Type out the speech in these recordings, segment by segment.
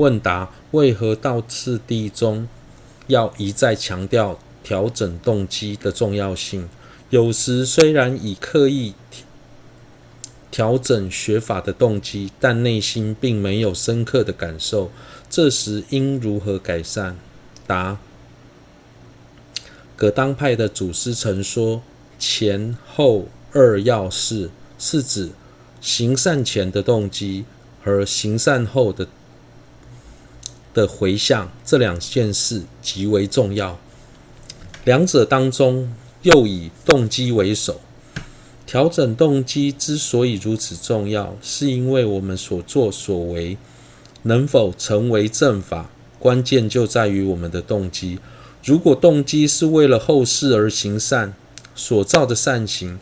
問答為何道次第中要一再強調調整動機的重要性？有時雖然已刻意調整學法的動機，但內心並沒有深刻的感受，這時應如何改善？答：葛當派的祖師曾說，前後二要事是指行善前的動機和行善後的的迴向，這兩件事極為重要，兩者當中又以動機為首。調整動機之所以如此重要，是因為我們所作所為能否成為正法，關鍵就在於我們的動機。如果動機是為了後世而行善，所造的善行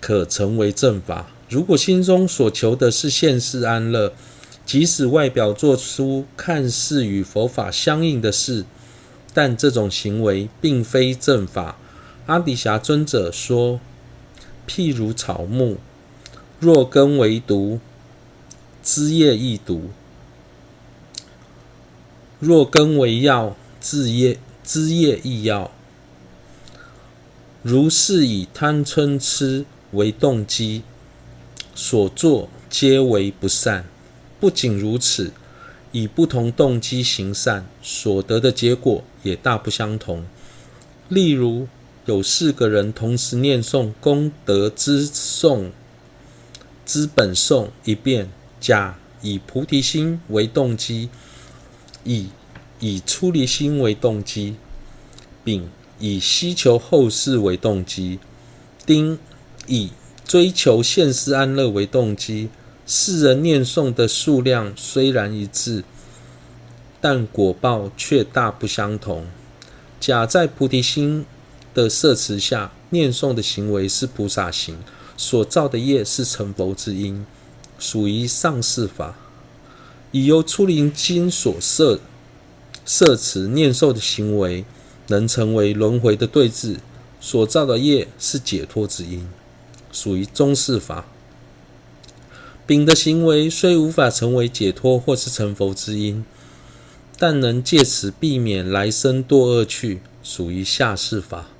可成為正法；如果心中所求的是現世安樂，即使外表做出看似與佛法相應的事，但這種行為並非正法。阿底峽尊者說：“譬如草木，若根為毒，枝葉亦毒；若根為藥，枝葉枝葉亦藥。如是以貪嗔癡為動機，所作皆為不善。”不僅如此，以不同動機行善所得的結果也大不相同。例如，有四個人同時念誦功德之頌、之本頌一遍：甲以菩提心為動機，乙以，以出離心為動機，丙以希求後世為動機，丁以追求現世安樂為動機。四人念誦的數量雖然一致，但果報卻大不相同。甲在菩提心的攝持下念誦的行為是菩薩行，所造的業是成佛之因，屬於上士法。乙由出離心所攝攝持念受的行為，能成為輪迴的對治，所造的業是解脫之因，屬於中士法。丁的行為雖無法成為解脫或是成佛之因，但能借此避免來生墮惡趣，屬於下士法。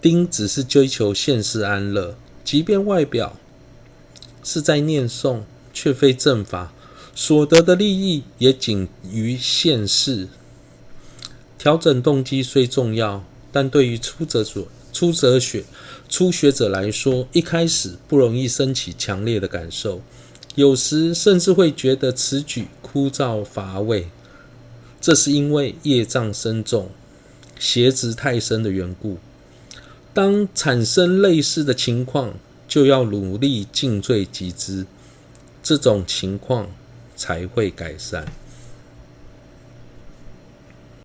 丁只是追求現世安樂，即便外表是在念誦，卻非正法，所得的利益也僅於現世。調整動機雖重要，但對於出則所出則學初學者來說，一開始不容易生起強烈的感受，有時甚至會覺得此舉枯燥乏味，這是因為業障深重、邪執太深的緣故。當產生類似的情況，就要努力淨罪集資，這種情況才會改善。